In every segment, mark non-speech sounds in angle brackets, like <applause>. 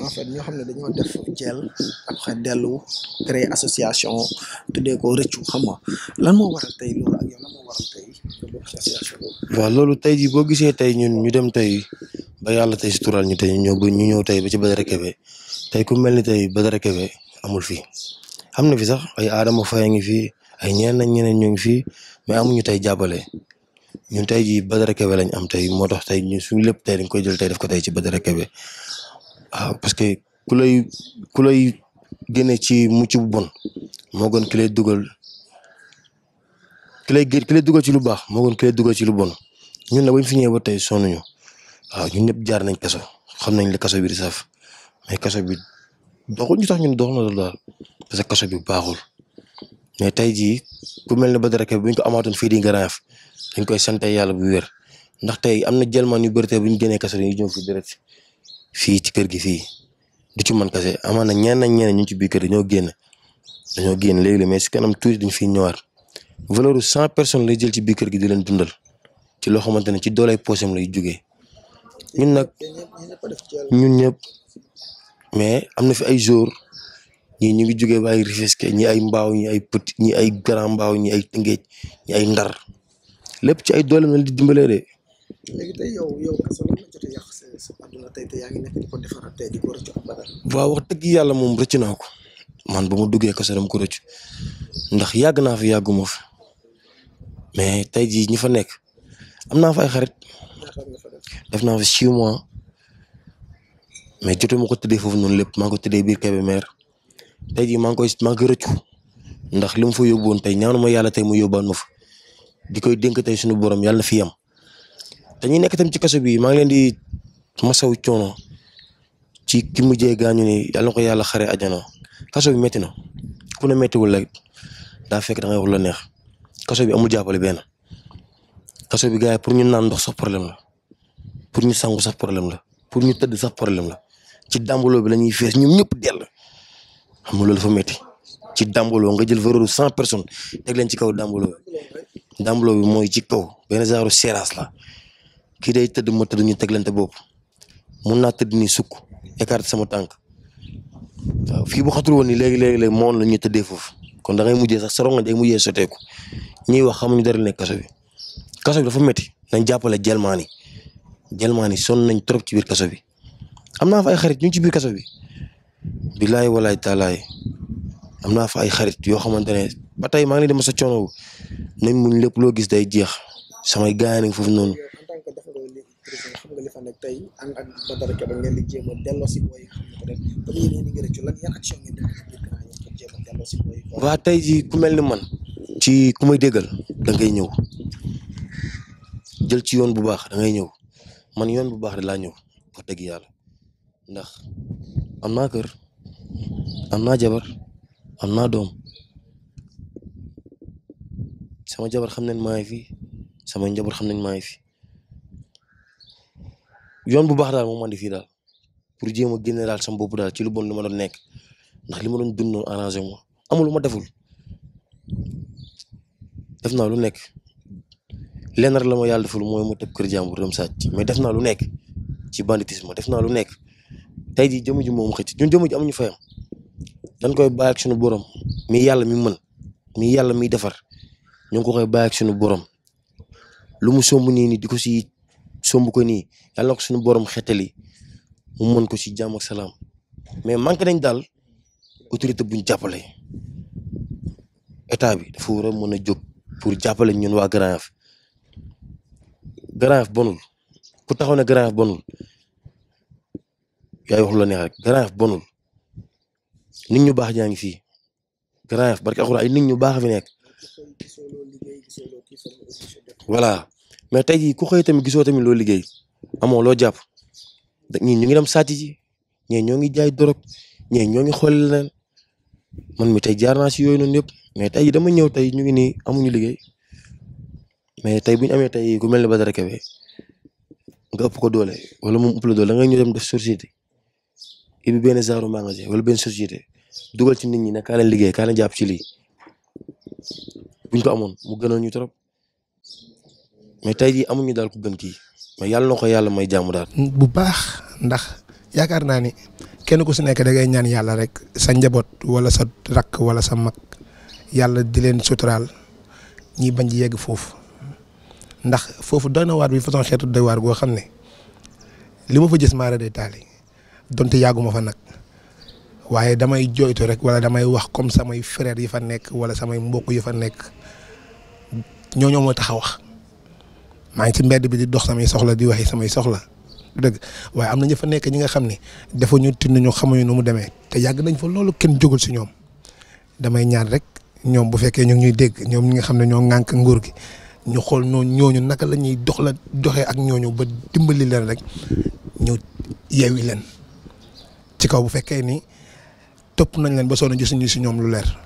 en fait ñoo xam ne dañoo def jël après delu créer association tuddee ko rëccu xam nga lan moo waral tey loolu ak yow lan moo waral tey association waaw loolu tey jii boo gisee tey ñun ñu dem tey ba yàlla tey suturaal ñu tey ñu ñëw ñu ñëw tey ba ci Badara Kebe tey ku mel ni tey Badara Kebe amul fii am na fi sax ay Adama Faye ngi fi ay ñeneen ak ñeneen ñu ngi fi mais amuñu tey jàppale ñun tey jii Badara Kebe lañ am tey moo tax tey ñun suñu lépp tey dañ koy jël tey def ko tey ci Badara Kebe waaw ah, parce que ku lay ku lay génne ci mucc bu bon moo gën ki dugal ki lay ki lay dugal ci lu baax moo gën ki dugal ci lu bon ñun nag bañ fi ñëwee ba tey sonnuñu waaw ah, ñun ñëpp jaar nañ kaso xam nañ li kaso bi di saf mais kaso bi doxul ñu sax ñun dox na loolu daal parce que kaso bi baaxul mais tey jii ku mel ni Badara Kebe bu ñu ko amaatoon fii di Ngaraaf dañ koy sant yàlla bu wér ndax tey am na jalmaan yu bëri tey bu ñu génnee kaso dañuy ñëw fii direct fii ci kër gi fii du ci man kase amaan na ñenn ak ñeneen ci biir kër gi ñoo génn dañoo génn léegi la mais si kanam tuuti ñu fiy ñëwaat valeur cent personnes lay jël ci biir kër gi di leen dundal ci loo xamante ne ci doolay poosam lay jógee ñun nag ñun ñëpp mais am na fi ay jour ñi ñu ngi jógee ba ay ñi ay mbaaw ñi ay petit ñi ay grand mbaaw ñi ay tëngeej ñi ay ndar lépp ci ay dooleem la di dimbalee de. léegi jot ko defaraat waaw wax dëgg yàlla moom rëcc naa ko man bu mu duggee kaso dama ko rëcc ndax yàgg naa fi yàgguma fi mais tey jii ñi fa nekk am naa fa ay xarit def naa fi six mois mais jotuma ko tëddee foofu noonu lépp maa ngi ko tëddee biir Kébémer tey jii maa ngi koy maa ngi rëccu ndax li mu fa te tey ñaanu yàlla tey mu yóbbaan ma di koy dénk tey sunu borom yàlla na fi yam te ñi nekk itam ci kaso bi maa ngi leen di masaw ci ki mujjee gaañu ni yàlla na ko yàlla xare àjjana kaso bi métti na ku ne méttiwul daa fekk da ngay wax la neex kaso bi amul jàppale benn kaso bi gars pour ñu naan ndox problème la pour ñu sangu sax problème la pour ñu tëdd sax problème la ci dàmbaloo bi la ñuy fees ñoom ñëpp dell xam nga loolu dafa métti ci dàmbaloo nga jël valeur cent personnes teg leen ci kaw dàmbaloo bi dàmbaloo mooy ci kaw benn genre séeraas kii day tëdd ma tëdd ñu teglante boobu mun naa tëdd ni sukk écarté sama tànk waaw fii bu xatul woon ni léegi léegi léegi moom la ñuy tëddee foofu kon dangay ngay mujjee sax sa rongoñ day mujjee soteeku ñuy wax xamuñu dara nekk kaso bi kaso dafa métti nañ jàppale jelmaan yi jelmaan yi sonn nañ trop ci biir kaso bi am naa fa ay xarit ñu ci biir kaso bi billaay walaay taalaay am naa fa ay xarit yoo xamante ne ba tey maa ngi leen di mos a coono nañ muñ lépp loo gis day jeex samay gaañ foofu noonu. tey ànd ak Badara si booy yi nga xam ne peut être ku mel ni man. ci ku may déggal da ñëw jël ci yoon bu baax da ngay ñëw man yoon bu baax da laa ñëw wax dëgg yàlla ndax am naa kër am naa jabar am naa doom sama jabar xam nañ maa ngi fi sama njaboot xam nañ maa ngi fi. yoon bu baax daal moom andi fii daal pour jéem a génne daal sama bopp daal ci lu bon li ma doon nekk ndax li ma doon dund noonu ma amul lu ma deful def na lu nekk lenn la ma yàlla deful moy mu tëb kër jàmbur dem sàcc mais def naa lu nekk ci banditisme def naa lu nekk tey jii jëmm ji moom xëcc ñun jëmm ji amuñu fayam dañ koy bàyyi ak suñu borom mi yàlla mi mën mi yàlla mi defar ñu ko koy bàyyi ak suñu borom lu mu somb nii nii di ko somb ko nii yàlla suñu borom xetali mu mën ko si jàmm ak salaam mais manqué nañ daal autorité buñ jàppale état bi dafa a jóg pour jàppale ñun waa Grand Yoff Grand bonul ku taxaw ne Grand Yoff bonul yaay wax lu la neex rek Grand Yoff bonul nit ñu baax ñaa ngi fii Grand Yoff barke nit ñu baax fi nekk voilà mais tey jii ku xëy tamit gisoo tamit loo liggéey amoo loo jàpp ñii ñu ngi dem sàcc ji ñii ñoo ngi jaay dorog ñii ñoo ngi xool leen man mi tey jaar naa si yooyu noonu yëpp mais tey dama ñëw tey ñu ngi nii amuñu liggéey mais tey bu amee tey ku mel ba Badara Kebe nga ëpp ko doole wala moom ëpp la doole da nga ñu dem def société ibi benn genre magasin wala benn société dugal ci nit ñi ne kaa leen liggéey kaa leen jàpp ci lii buñ ko amoon mu gënoon ñu trop. mais tey jii amuñu daal ku gën kii mais yàlla na ko yàlla may jaamu daal. bu baax ndax yaakaar naa ni kenn ku si nekk da ngay ñaan yàlla rek sa njaboot wala sa rakk wala sa mag yàlla di leen suturaal ñiy bañ di yegg foofu ndax foofu doy na waar bi façon xeetu doy waar xam ne li ma fa gis maara day donte yàgguma fa nag waaye damay jooytu rek wala damay wax comme samay frères yi fa nekk wala samay mbokk yi fa nekk ñooñoo moo tax a wax. maa ngi ci mbedd bi di dox samay soxla di waxi samay soxla dëgg waaye am na ñu fa nekk ñi nga xam ne dafa ñu tind ñu xamuñu nu mu demee te yàgg nañ fa loolu kenn jógul si ñoom damay ñaan rek ñoom bu fekkee ñu ngi ñuy dégg ñoom ñi nga xam ne ñoo ŋànk nguur gi ñu xool noonu ñooñu naka la ñuy dox la doxee ak ñooñu ba dimbali leen rek ñu yeewi leen ci kaw bu fekkee ni topp nañ leen ba sonn gisuñu si ñoom lu leer.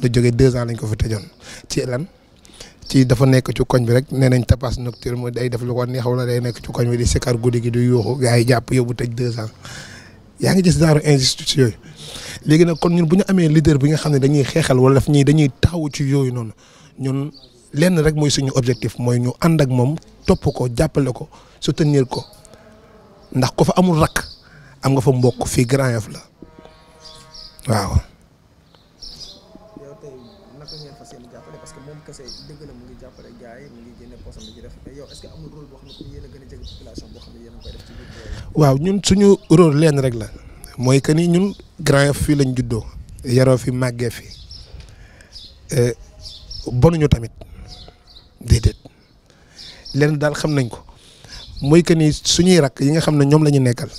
de jógee deux ans lañ ko fa tëjoon ci lan ci dafa que ci koñ bi rek tapas nocturne day def ko la day nek ci koñ bi di sekar goudi gi du yoxu gars japp yobu tej 2 ans ya nga gis genre institution yoy léegi nak kon ñun buñu amé leader bi nga xamné dañuy xéxal wala dañuy taw ci non ñun lenn rek moy suñu objectif moy ñu and ak mom top ko jappalé ko soutenir ko ndax ko fa amul rak am nga fa mbokk Grand la waaw waaw ñun suñu rôle leen rek la mooy que ni ñun Grand Yoff fii lañ juddoo yaroo fi màggee fi eh, bonuñu tamit déedéet leen daal xam nañ ko mooy que ni suñuy rakk yi nga xam ne ñoom la ñu nekkal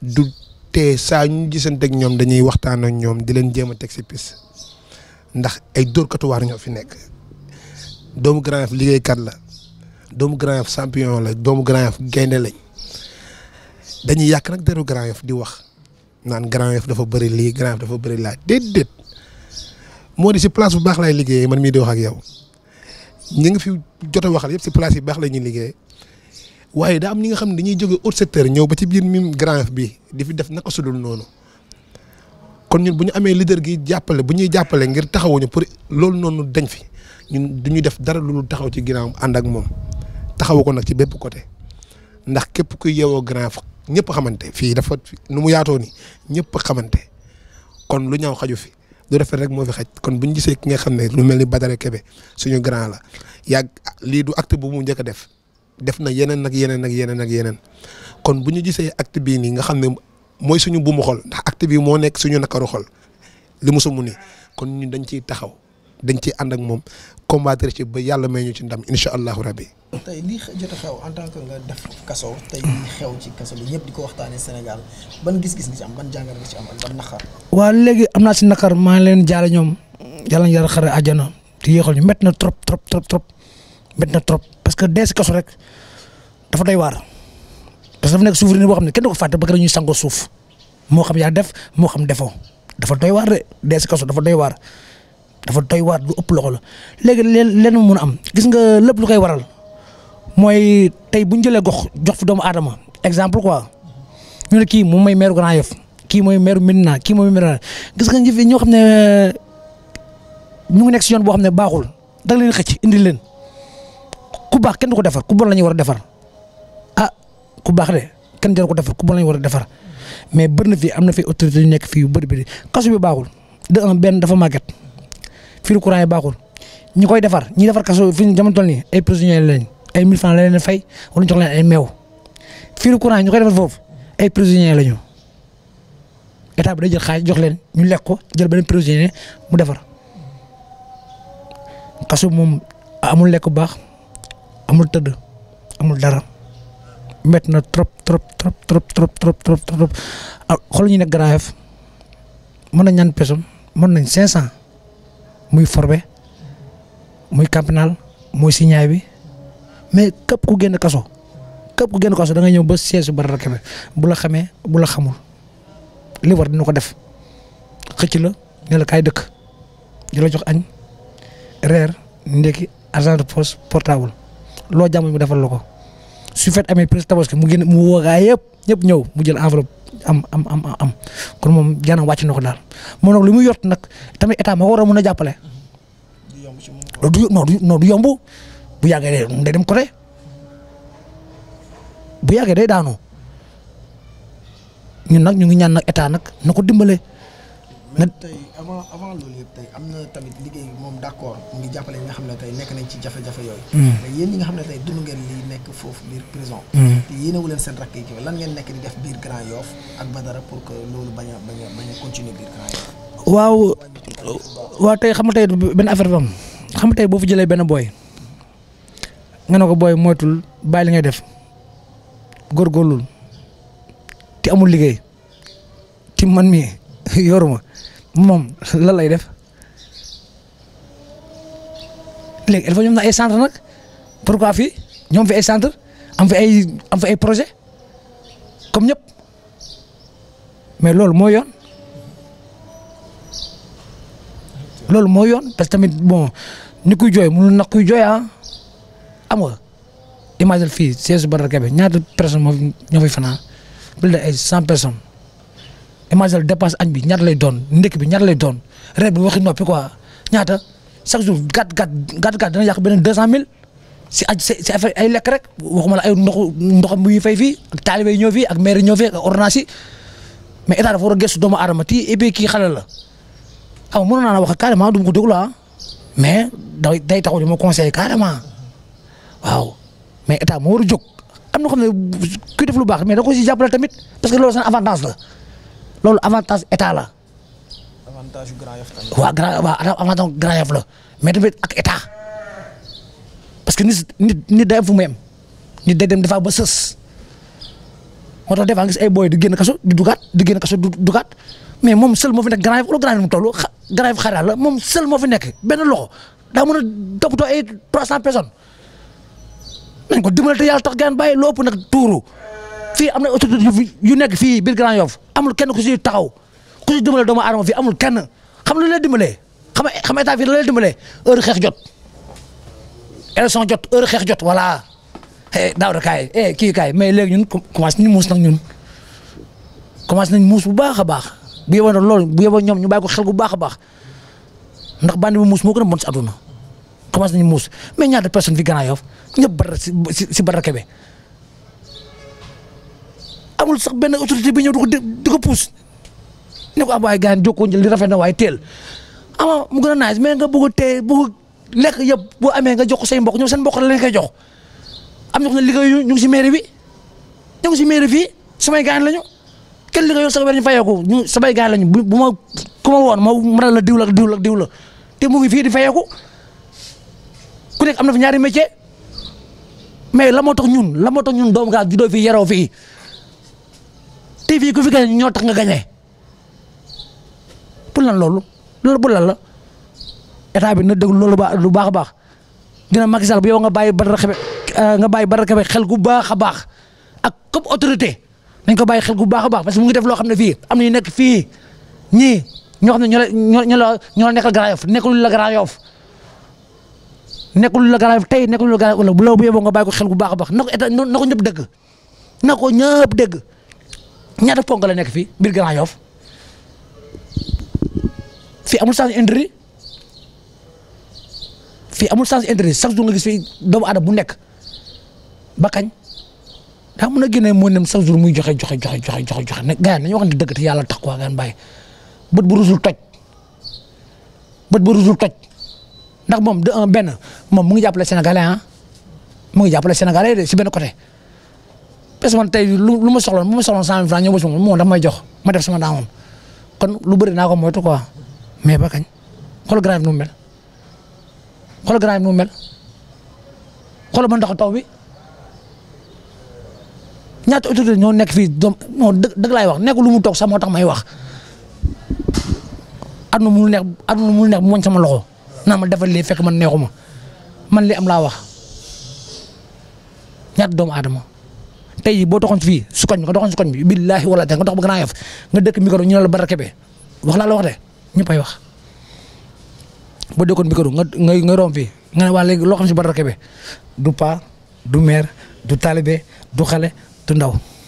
du te saa ñu gisante ak ñoom dañuy waxtaan ak ñoom di leen jéem a teg si pis ndax ay dóorkatuwaar ñoo fi nekk doomu Grand Yoff liggéeykat la doomu Grand Yoff champion la doomu Grand Yoff gaynde lañ dañuy yàq nag deru Grand Yoff di wax naan Grand Yoff dafa bëri lii Grand Yoff dafa bëri laa déedéet moo di si place bu baax lay liggéeyee man mii di wax ak yow ñu ngi fi jot a waxal yëpp si place yi baax la ñuy liggéey waaye daa am ñi nga xam ne dañuy jóge autre secteur ñëw ba ci biir mim Grand Yoff bi di fi def naka sudul noonu kon ñun bu ñu amee leader gi jàppale bu ñuy jàppale ngir taxawuñu pour loolu noonu dañ fi ñun du def dara lu taxaw ci ginnaaw ànd ak moom taxawu ko nag ci bépp côté ndax képp kuy yeewoo Grand ñëpp xamante fii dafa nu mu yaatoo ni ñëpp xamante kon lu ñaw xaju fi lu refet rek moo fi xaj kon bu ñu gisee ki nga xam ne lu mel ni Badara Kebe suñu grand la yàgg lii du acte bu mu njëkk a def def na yeneen ak yeneen ak yeneen ak yeneen kon bu ñu gisee acte bii nii nga xam ne mooy suñu buumu xol ndax acte bii moo nekk suñu nakaru xol li mu sumu nii kon ñun dañ ciy taxaw. dañ ci and ak mom combattre ci ba yalla may ñu ci ndam inshallah rabbi. tay li jot xew en tant que nga def kasso tay li xew ci kasso bi ñëpp diko waxtane senegal ban gis-gis nga ci am ban jangal nga ci am ban nakar wa léegi amna ci nakar ma leen jaale ñom yalla ñu yar xare aljana di yéexal ñu metna trop trop trop trop metna trop parce que dee kasso rek dafa doy war parce que nek souverain bo xamne xam kenn ko fàtte ba kër ñuy sangoo suuf moo xam ya def mo xam defo dafa doy war de kasso dafa doy war dafa doy waat lu ëpp loxo la léegi leen leen mun a am gis nga lépp lu koy waral mooy tey bu ñu jëlee gox jox fi doomu aadama exemple quoi ñu ne kii moom mooy meeru Grand Yoff kii mooy meeru Médina kii mooy meeru gis nga ñi fi ñoo xam ne ñu ngi nekk si yoon boo xam ne baaxul da leen xëcc indi leen ku baax kenn du ko defar ku bon la ñu war a defar ah ku baax de kenn jaru ko defar ku bon la ñu war a defar mais bëri na fi am na fi autorité yu nekk fii yu bëri bëri kaso bi baaxul de un benn dafa màgget. fii lu courant yi baaxul ñi koy defar ñi defar kaso fi ñu jamono toll nii ay prisonniers lañ ay 1000 la leen fay wala ñu jox leen ay meew fii yi ñu koy defar foofu ay prisonniers lañu état bi day jël xaaj jox leen ñu lekk ko jël beneen prisonnier mu defar kaso moom amul lekk bu baax amul tëdd amul dara mett na trop trop trop trop trop trop trop trop ah, xool ñu nekk Grand Yoff mën nañ ñaan pesom mën nañ 500. muy Forbe muy Campenal muy Signaay bi mais këpp ku génn kaso képp ku génn kaso da nga ñëw ba siège Badara Kebe bu la xamee bu la xamul li dina ko def xëcc la ne la dëkk di la jox añ reer ndéki argent de poche portable loo jàmm mu defal la ko su fekk amee prise tabaski mu génn mu woo gaa yëpp ñëw mu jël enveloppe. am am am am kon moom jaanam wàcc na ko daal moo nag li muy yott nag tamit état ma war a mën a jàppale. Mm-hmm. du yomb yomb bu yàggee day dem côté bu yàggee day daanu ñun nag ñu ngi ñaan nag état nag na ko dimbale. mais tey avant avant loolu yëpp tey am na tamit liggéey moom d'accord mu ngi jàppale ñi nga xam ne tey nekk nañ ci jafe-jafe yooyu. Hmm. yéen ñi nga xam ne tey dund ngeen li nekk foofu biir prison. Hmm. te yéenewu leen seen rakk yi ci lan nekk di def biir Grand Yoff ak Badara pour que loolu bañ a bañ a bañ a waaw waaw te xam nga tey benn affaire bi am xam tey boo fi jëlee benn booy nga ne ko booy moytul bàyyi li ngay def góorgóorlul te amul liggéey te man mii. <laughs> yoruma moom lan lay def léegi il ñoom na ay centre nag pourquoi fii ñoom fi ay centre am fi ay am ay projet comme ñëpp mais loolu moo yoon loolu moo yoon parce que tamit bon ni kuy jooy mënul na kuy jooy ah am nga imagine fii siège Badara Kebe ñaata personnes moo ñoo fanaa fanaan plus ay cent personnes imagine dépense añ bi ñaata lay doon ndékk bi ñaata lay doon reer bi waxi noppi quoi ñaata chaque jour gàtt gàtt gàtt gàtt dana yàq beneen deux cent mille si ay lekk rek ma la ay ndoxu ndox muy fay fii ak taalibe yi ñëw fii ak maire ñoo ñëw ak ordonnance yi mais état dafa war a doomu aadama ti et kii xale la xam nga mënoon naa la wax carrément du ma ko déglu ah mais day day taxaw di ma waaw mais état moo war a jóg am na xam ne kuy def lu baax mais da ko si jàppale tamit parce que loolu seen la. lol avantage état la. avantage Grand Yoff tamit. waaw Grand waaw avantage Grand la mais tamit ak état parce que nit nit nit day fu même nit day dem defa ba sës moto tax dafa ay boy du génn kasso du dugat du génn kasso du dugat mais mom seul mo fi nek Grand Yoff lu Grand Yoff mu toll Grand Yoff xaral la mom seul mo fi nek ben loxo da mën a toppatoo ay 300 personnes nango dimbalte yalla tax gane baye lopp nak nag fii am na autorité yu nekk fii biir Grand Yoff amul kenn ku si taxaw ku si dimbale doomu fi fii amul kenn xam lu leen dimbalee xam xam état fii la leen dimbalee heure xeex jot élection jot heure xeex jot voilà daawda kaay eh kii kaay mais léegi ñun commencé nañ muus na ñun commencé nañ muus bu baax a baax bu yeboo nag loolu bu yeboo ñoom ñu bàyyi ko xel bu baax a baax ndax bandi bu muus moo gën a bon si àdduna commencé nañ muus mais ñaata personne fi Grand Yoff ñëpp bar si si barake be amul sax benn autorité bi ñëw di ko di ko pousse ne ko ab ah, waay gaañ jokkoo njël li rafet na waaye teel ama mu gën a naaj mais nga bëgg a tee bëgg lekk yëpp boo amee nga jox ko say mbokk ñoom seen mbokk la leen koy jox am na ñoo xam ne liggéey ñu ngi si mairie bi ñu si mairie fii samay gaañ lañu kenn liggéeyoon sax weer ñu fayeeku ñu samay gaañ lañu bu ma ku woon ma mën la diw la diw la diw te mu ngi fii di fayeeku ku nekk am na fi ñaari métier mais la moo tax ñun la moo tax ñun doom gaal juddoo fii yaroo fii tv ku fi gagné ñoo tax nga gagné pour lan lolu lolu pour lan la état bi na déglu lolu ba lu baax baax dina Macky Sall bu yow nga baye barra Kebe euh, nga baye barra Kebe xel gu baaxa baax ak comme autorité dañ ko baye xel gu baaxa baax parce que mu ngi def lo xamné fi am na ñu nekk fii ñii ñoo xam ñoo la ñoo la ñoo nekkal grayof nekkul la grayof Yoff nekkul la Grand tay tey nekkul la Grand Yoff bu la bu yeboo nga bàyyi ko xel gu baax baax na nako ñep deug nako ñep deug ñaata ponk la nekk fii biir Grand Yoff fii amul sens interdit fii amul sens interdit chaque jour nga gis fii doomu bu nekk ba kañ daa mën a génne moo nem chaque jour muy joxe joxe joxe joxe joxe joxe ne gars yi nañu waxante dëgg te yàlla tax quoi gaan bàyyi bët bu rusul toj bët bu rusul toj ndax moom de un benn moom mu ngi jàppale sénégalais ah mu ngi jàppale sénégalais de si benn côté. parce que man tey lu lu ma soxla bu ma soxla cent mille francs ñëw ba si moom moom dafa may jox ma def sama daamoon kon lu bëri naa ko moytu quoi mais ba kañ xool Grand mu mel xool mu mel xool ba ndox taw bi ñaata autorité ñoo nekk fii doom non dë dëgg wax nekk lu mu toog sax moo tax may wax aduna mu neex aduna mu nekk mu wañ sama loxo naa ma defal lii fekk man ma man li am laa wax ñaata doomu aadama. tey jii boo doxoon fii su koñ bi nga doxoon su bi billaahi wala nga dox ba gën a yof nga dëkk micro ñu ne la Badara Kebe wax laa la wax de ñëppay wax boo dëkkoon micro nga nga nga fii nga ne waa léegi loo xam si Badara Kebe du pa du maire du taalibe du xale du ndaw